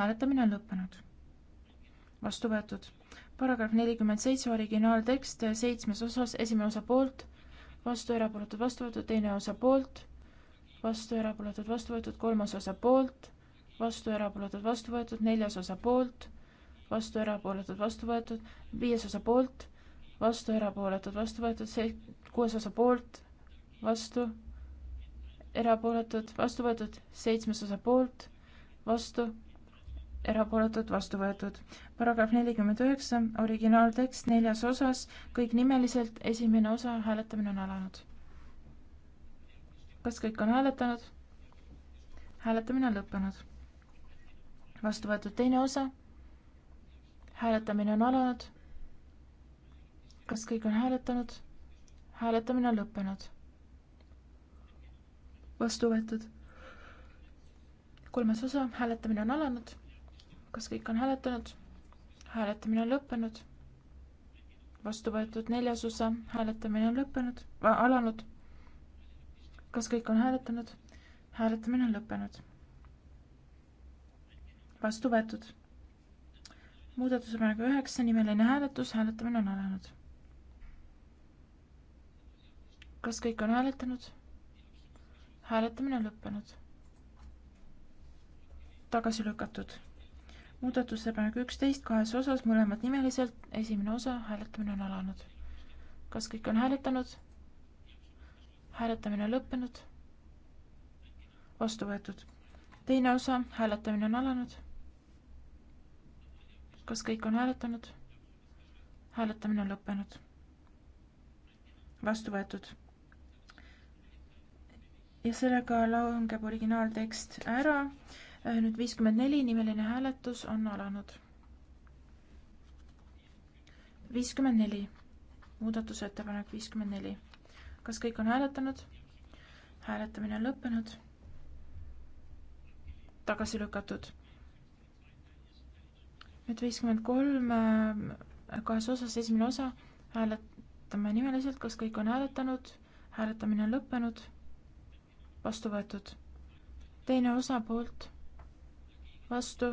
hääletamine on lõppenud vastu võetud. paragrahv nelikümmend seitse, originaaltekst seitsmes osas, esimene osa poolt, vastu, erapooletud, vastu võetud, teine osa poolt, vastu, erapooletud, vastu võetud, kolmas osa poolt, vastu, erapooletud, vastu võetud, neljas osa poolt, vastu, erapooletud, vastu võetud, viies osa poolt, vastu, erapooletud, vastu võetud, see, kuues osa poolt, vastu, erapooletud, vastu võetud, seitsmes osa poolt, vastu erapooletud, vastu võetud. paragrahv nelikümmend üheksa, originaaltekst neljas osas, kõik nimeliselt, esimene osa, hääletamine on alanud. kas kõik on hääletanud? hääletamine on lõppenud. vastu võetud teine osa, hääletamine on alanud. kas kõik on hääletanud? hääletamine on lõppenud. vastu võetud kolmas osa, hääletamine on alanud kas kõik on hääletanud? hääletamine on lõppenud. vastu võetud neljas osa, hääletamine on lõppenud, alanud. kas kõik on hääletanud? hääletamine on lõppenud. vastu võetud. muudatusepanek üheksa, nimeline hääletus, hääletamine on alanud. kas kõik on hääletanud? hääletamine on lõppenud. tagasi lükatud muudatusettepanek üksteist kahes osas, mõlemad nimeliselt, esimene osa, hääletamine on alanud. kas kõik on hääletanud? hääletamine on lõppenud. vastu võetud. teine osa, hääletamine on alanud. kas kõik on hääletanud? hääletamine on lõppenud. vastu võetud ja sellega langeb originaaltekst ära nüüd viiskümmend neli, nimeline hääletus on alanud. viiskümmend neli, muudatusettepanek viiskümmend neli. kas kõik on hääletanud? hääletamine on lõppenud. tagasi lükatud. nüüd viiskümmend kolm, äh, kahes osas esimene osa, hääletame nimeliselt, kas kõik on hääletanud? hääletamine on lõppenud. vastu võetud. teine osa poolt vastu,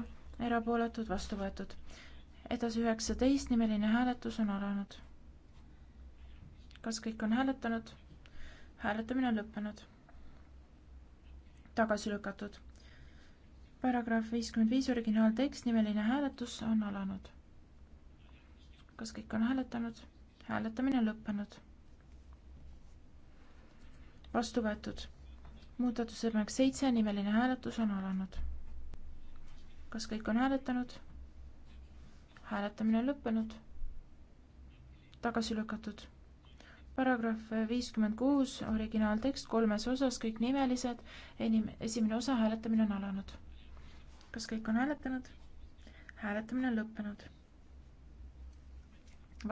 erapooletud, vastu võetud. edasi üheksateist, nimeline hääletus on alanud. kas kõik on hääletanud? hääletamine on lõppenud. tagasi lükatud. paragrahv viiskümmend viis, originaaltekst, nimeline hääletus on alanud. kas kõik on hääletanud? hääletamine on lõppenud. vastu võetud. muudatusettepanek seitse, nimeline hääletus on alanud kas kõik on hääletanud? hääletamine on lõppenud. tagasi lükatud. paragrahv viiskümmend kuus, originaaltekst kolmes osas, kõik nimelised, enim-, esimene osa, hääletamine on alanud. kas kõik on hääletanud? hääletamine on lõppenud.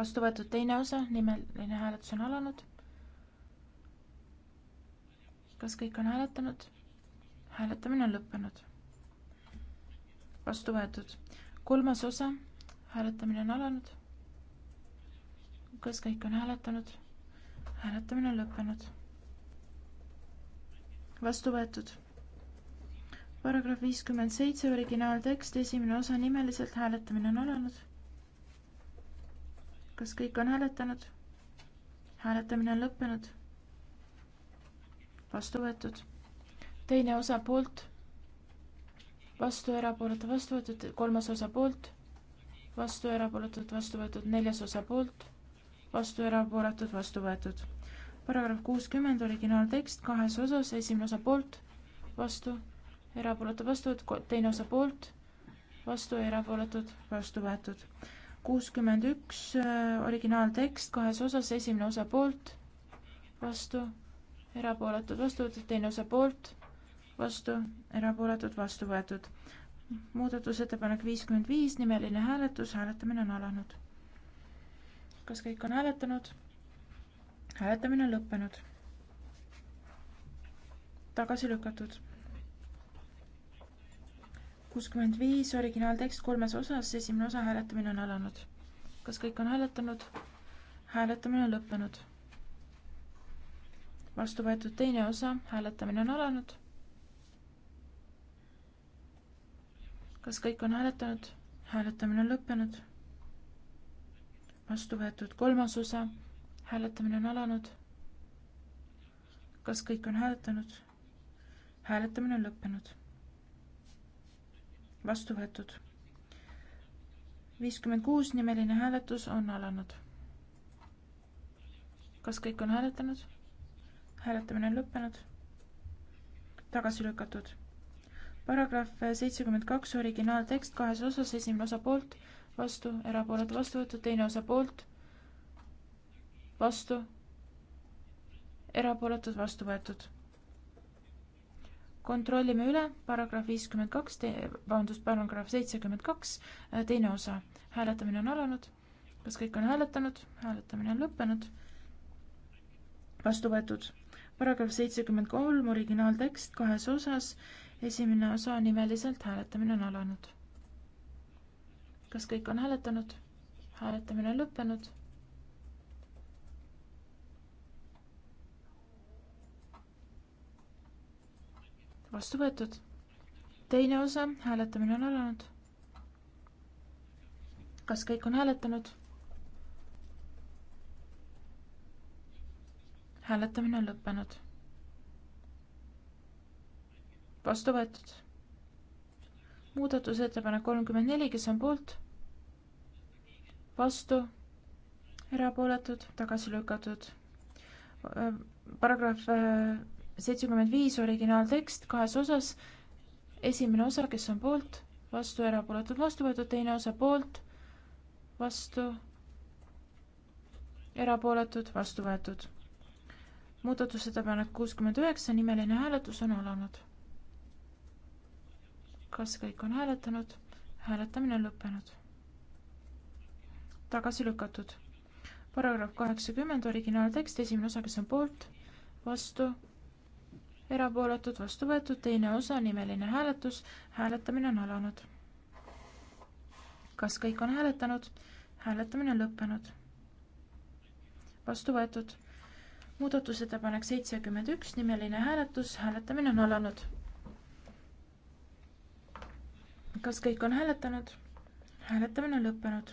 vastu võetud teine osa, nimeline hääletus on alanud kas kõik on hääletanud? hääletamine on lõppenud vastu võetud. kolmas osa, hääletamine on alanud. kas kõik on hääletanud? hääletamine on lõppenud. vastu võetud. paragrahv viiskümmend seitse, originaaltekst, esimene osa nimeliselt, hääletamine on alanud. kas kõik on hääletanud? hääletamine on lõppenud. vastu võetud. teine osa poolt vastu, erapooletu, vastu võetud, kolmas osa poolt, vastu, erapooletud, vastu võetud, neljas osa poolt, vastu, erapooletud, vastu võetud. paragrahv kuuskümmend, originaaltekst kahes osas, esimene osa poolt, vastu, erapooletu, vastu võetud, teine osa poolt, vastu, erapooletud, vastu võetud. kuuskümmend üks, äh, originaaltekst kahes osas, esimene osa poolt, vastu, erapooletud, vastu võetud, teine osa poolt vastu, erapooletud, vastu võetud. muudatusettepanek viiskümmend viis, nimeline hääletus, hääletamine on alanud. kas kõik on hääletanud? hääletamine on lõppenud. tagasi lükatud. kuuskümmend viis, originaaltekst kolmes osas, esimene osa hääletamine on alanud. kas kõik on hääletanud? hääletamine on lõppenud. vastu võetud teine osa, hääletamine on alanud kas kõik on hääletanud? hääletamine on lõppenud. vastu võetud kolmas osa. hääletamine on alanud. kas kõik on hääletanud? hääletamine on lõppenud. vastu võetud. viiskümmend kuus nimeline hääletus on alanud. kas kõik on hääletanud? hääletamine on lõppenud. tagasi lükatud paragrahv seitsekümmend kaks, originaaltekst kahes osas, esimene osa poolt, vastu, erapooletu vastu võetud, teine osa poolt, vastu, erapooletud vastu võetud. kontrollime üle, paragrahv viiskümmend kaks, vabandust, paragrahv seitsekümmend kaks, äh, teine osa. hääletamine on alanud. kas kõik on hääletanud? hääletamine on lõppenud. vastu võetud. paragrahv seitsekümmend kolm, originaaltekst kahes osas esimene osa nimeliselt hääletamine on alanud. kas kõik on hääletanud? hääletamine on lõppenud. vastu võetud. teine osa, hääletamine on alanud. kas kõik on hääletanud? hääletamine on lõppenud vastu võetud. muudatusettepanek kolmkümmend neli, kes on poolt, vastu, erapooletud, tagasi lükatud. paragrahv seitsekümmend viis, originaaltekst kahes osas. esimene osa, kes on poolt, vastu, erapooletud, vastu võetud, teine osa poolt, vastu, erapooletud, vastu võetud. muudatusettepanek kuuskümmend üheksa, nimeline hääletus on alanud kas kõik on hääletanud? hääletamine on lõppenud. tagasi lükatud. paragrahv kaheksakümmend, originaaltekst, esimene osa, kes on poolt, vastu, erapooletud, vastu võetud, teine osa, nimeline hääletus, hääletamine on alanud. kas kõik on hääletanud? hääletamine on lõppenud. vastu võetud muudatusettepanek seitsekümmend üks, nimeline hääletus, hääletamine on alanud kas kõik on hääletanud? hääletamine on lõppenud.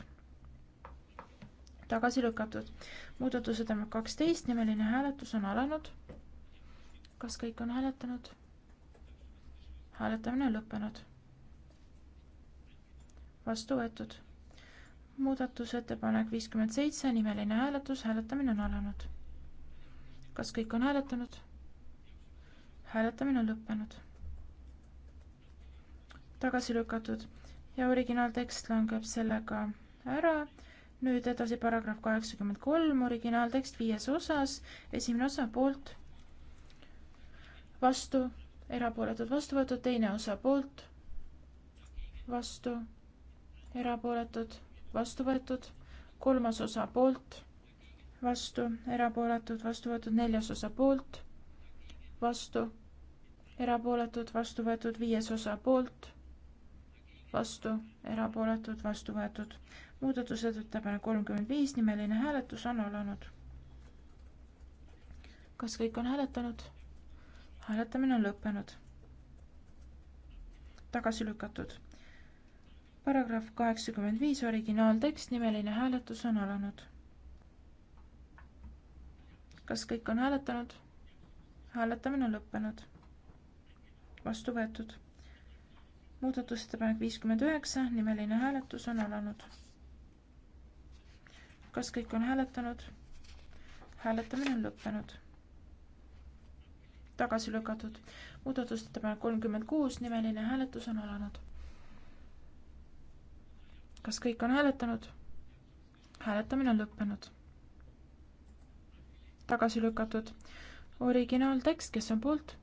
tagasi lükatud. muudatusettepanek kaksteist, nimeline hääletus on alanud. kas kõik on hääletanud? hääletamine on lõppenud. vastu võetud. muudatusettepanek viiskümmend seitse, nimeline hääletus, hääletamine on alanud. kas kõik on hääletanud? hääletamine on lõppenud tagasi lükatud ja originaaltekst langeb sellega ära. nüüd edasi paragrahv kaheksakümmend kolm, originaaltekst viies osas, esimene osa poolt, vastu, erapooletud, vastu võetud, teine osa poolt, vastu, erapooletud, vastu võetud, kolmas osa poolt, vastu, erapooletud, vastu võetud, neljas osa poolt, vastu, erapooletud, vastu võetud, viies osa poolt vastu, erapooletud, vastu võetud. muudatusettepanek kolmkümmend viis, nimeline hääletus on alanud. kas kõik on hääletanud? hääletamine on lõppenud. tagasi lükatud. paragrahv kaheksakümmend viis, originaaltekst, nimeline hääletus on alanud. kas kõik on hääletanud? hääletamine on lõppenud. vastu võetud muudatusettepanek viiskümmend üheksa, nimeline hääletus on alanud. kas kõik on hääletanud? hääletamine on lõppenud. tagasi lükatud. muudatusettepanek kolmkümmend kuus, nimeline hääletus on alanud. kas kõik on hääletanud? hääletamine on lõppenud. tagasi lükatud. originaaltekst, kes on poolt?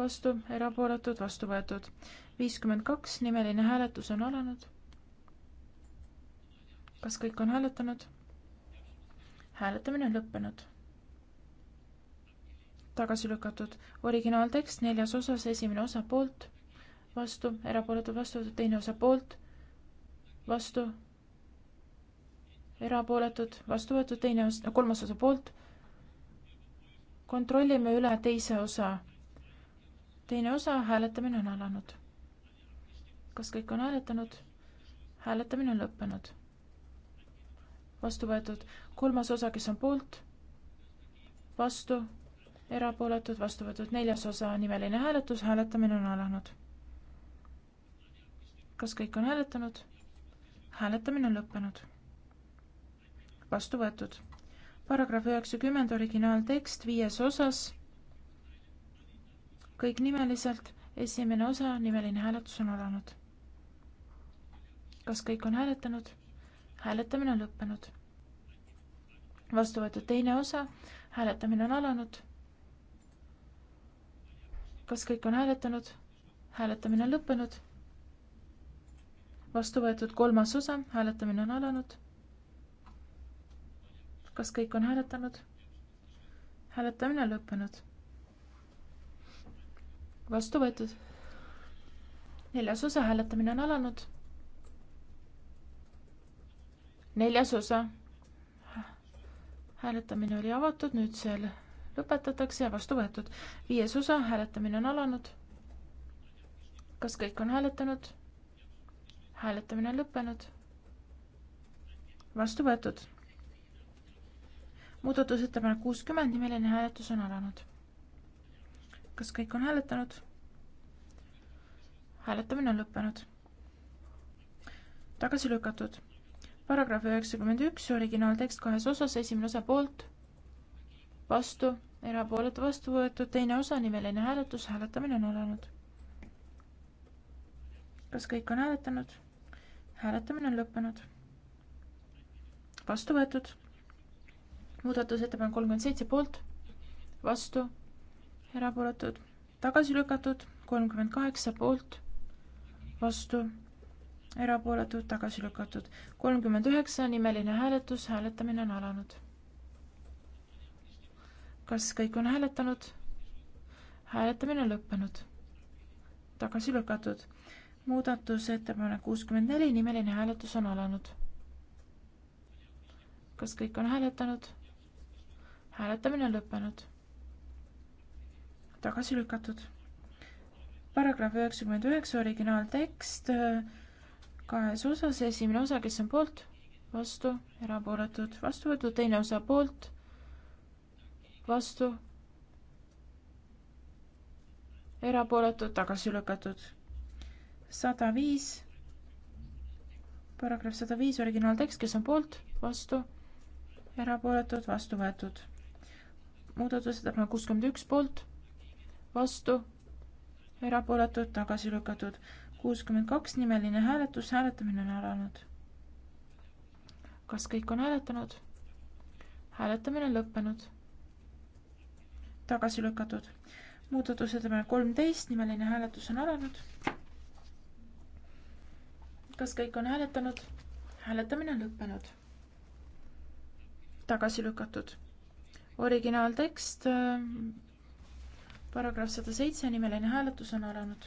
vastu, erapooletud, vastu võetud. viiskümmend kaks, nimeline hääletus on alanud. kas kõik on hääletanud? hääletamine on lõppenud. tagasi lükatud originaaltekst neljas osas, esimene osa poolt, vastu, erapooletud, vastu, teine osa poolt, vastu, erapooletud, vastu võetud, teine osa, kolmas osa poolt. kontrollime üle teise osa teine osa, hääletamine on alanud. kas kõik on hääletanud? hääletamine on lõppenud. vastu võetud kolmas osa, kes on poolt, vastu, erapooletud, vastu võetud neljas osa, nimeline hääletus, hääletamine on alanud. kas kõik on hääletanud? hääletamine on lõppenud. vastu võetud paragrahv üheksakümmend, originaaltekst viies osas kõik nimeliselt, esimene osa, nimeline hääletus on alanud. kas kõik on hääletanud? hääletamine on lõppenud. vastu võetud teine osa, hääletamine on alanud. kas kõik on hääletanud? hääletamine on lõppenud. vastu võetud kolmas osa, hääletamine on alanud. kas kõik on hääletanud? hääletamine on lõppenud vastu võetud. neljas osa hääletamine on alanud. neljas osa. hääletamine oli avatud, nüüd see lõpetatakse ja vastu võetud. viies osa, hääletamine on alanud. kas kõik on hääletanud? hääletamine on lõppenud. vastu võetud. muudatusettepanek kuuskümmend, nimeline hääletus on alanud kas kõik on hääletanud? hääletamine on lõppenud. tagasi lükatud. paragrahv üheksakümmend üks, originaaltekst kahes osas, esimene osa poolt, vastu, erapooletu vastu võetud, teine osa, nimeline hääletus, hääletamine on alanud. kas kõik on hääletanud? hääletamine on lõppenud. vastu võetud. muudatusettepanek kolmkümmend seitse poolt, vastu erapooletud, tagasi lükatud, kolmkümmend kaheksa poolt, vastu, erapooletud, tagasi lükatud, kolmkümmend üheksa, nimeline hääletus, hääletamine on alanud. kas kõik on hääletanud? hääletamine on lõppenud, tagasi lükatud, muudatusettepanek kuuskümmend neli, nimeline hääletus on alanud. kas kõik on hääletanud? hääletamine on lõppenud tagasi lükatud. paragrahv üheksakümmend üheksa, originaaltekst äh, kahes osas, esimene osa, kes on poolt, vastu, erapooletud, vastu võetud, teine osa poolt, vastu, erapooletud, tagasi lükatud. sada viis paragrahv sada viis originaaltekst, kes on poolt, vastu, erapooletud, vastu võetud. muudatusettepanek kuuskümmend üks poolt, vastu, erapooletud, tagasi lükatud. kuuskümmend kaks nimeline hääletus, hääletamine on alanud. kas kõik on hääletanud? hääletamine on lõppenud. tagasi lükatud. muudatusettepanek kolmteist, nimeline hääletus on alanud. kas kõik on hääletanud? hääletamine on lõppenud. tagasi lükatud. originaaltekst paragrahv sada seitse, nimeline hääletus on alanud.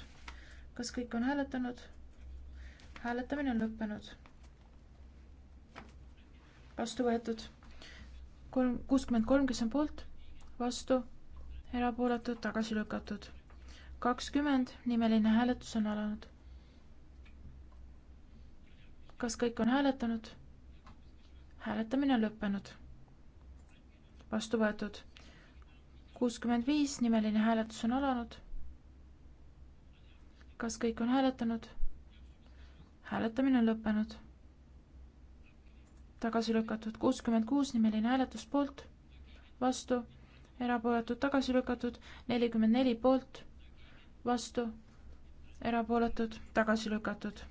kas kõik on hääletanud? hääletamine on lõppenud. vastu võetud kolm, kuuskümmend kolm, kes on poolt, vastu, erapooletud, tagasi lükatud. kakskümmend, nimeline hääletus on alanud. kas kõik on hääletanud? hääletamine on lõppenud. vastu võetud kuuskümmend viis, nimeline hääletus on alanud. kas kõik on hääletanud? hääletamine on lõppenud. tagasi lükatud kuuskümmend kuus, nimeline hääletus poolt, vastu, erapooletud, tagasi lükatud, nelikümmend neli poolt, vastu, erapooletud, tagasi lükatud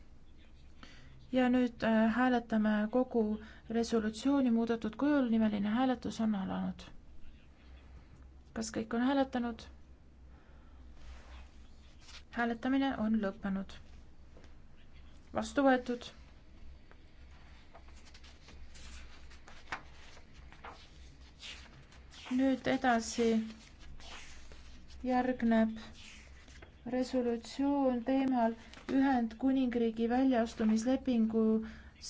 ja nüüd äh, hääletame kogu resolutsiooni muudetud kujul, nimeline hääletus on alanud kas kõik on hääletanud? hääletamine on lõppenud. vastu võetud. nüüd edasi järgneb resolutsioon teemal Ühendkuningriigi väljaastumislepingu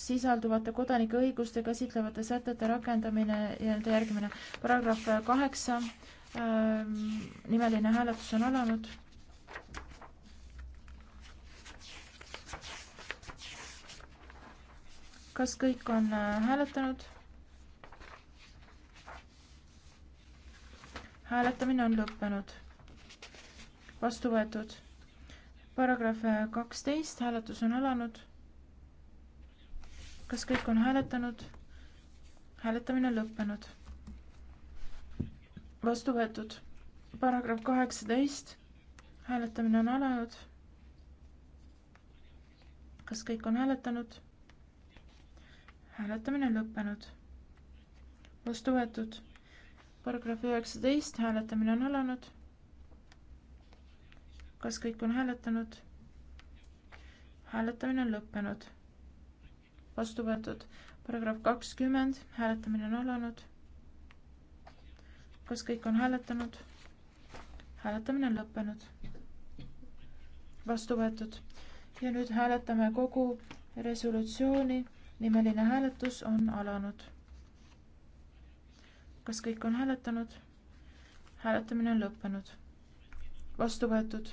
sisalduvate kodanike õiguste käsitlevate sätete rakendamine ja nende järgimine. paragrahv kaheksa Ähm, nimeline hääletus on alanud. kas kõik on äh, hääletanud? hääletamine on lõppenud. vastu võetud. paragrahv äh, kaksteist, hääletus on alanud. kas kõik on hääletanud? hääletamine on lõppenud vastu võetud. paragrahv kaheksateist, hääletamine on alanud. kas kõik on hääletanud? hääletamine on lõppenud. vastu võetud. paragrahv üheksateist, hääletamine on alanud. kas kõik on hääletanud? hääletamine on lõppenud. vastu võetud. paragrahv kakskümmend, hääletamine on alanud kas kõik on hääletanud? hääletamine on lõppenud. vastu võetud. ja nüüd hääletame kogu resolutsiooni. nimeline hääletus on alanud. kas kõik on hääletanud? hääletamine on lõppenud. vastu võetud.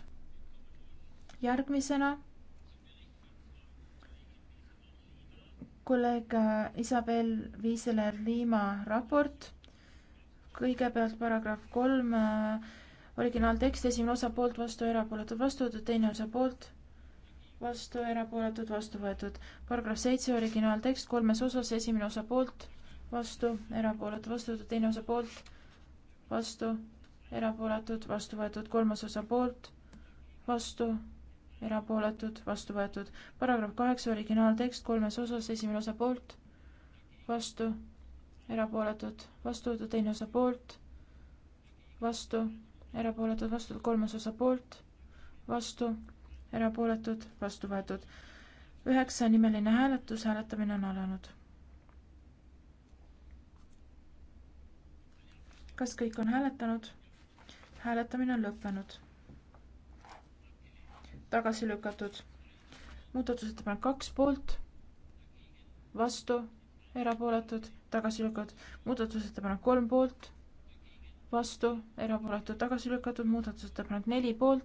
järgmisena kolleeg Isabel Viiseler-Liima raport kõigepealt paragrahv kolm, äh, originaaltekst, esimene osa poolt, vastu, erapooletud, vastu võetud, teine osa poolt, vastu, erapooletud, vastu võetud. paragrahv seitse, originaaltekst kolmes osas, esimene osa poolt, vastu, erapooletud, vastu võetud, teine osa poolt, vastu, erapooletud, vastu võetud, kolmas osa poolt, vastu, erapooletud, vastu võetud. paragrahv kaheksa, originaaltekst kolmes osas, esimene osa poolt, vastu, erapooletud, vastu võetud teine osa poolt, vastu, erapooletud, vastu võetud kolmas osa poolt, vastu, erapooletud, vastu võetud. üheksa nimeline hääletus, hääletamine on alanud. kas kõik on hääletanud? hääletamine on lõppenud. tagasi lükatud. muudatusettepanek kaks poolt, vastu, erapooletud tagasi lükatud, muudatusettepanek kolm poolt, vastu, erapooletud, tagasi lükatud, muudatusettepanek neli poolt,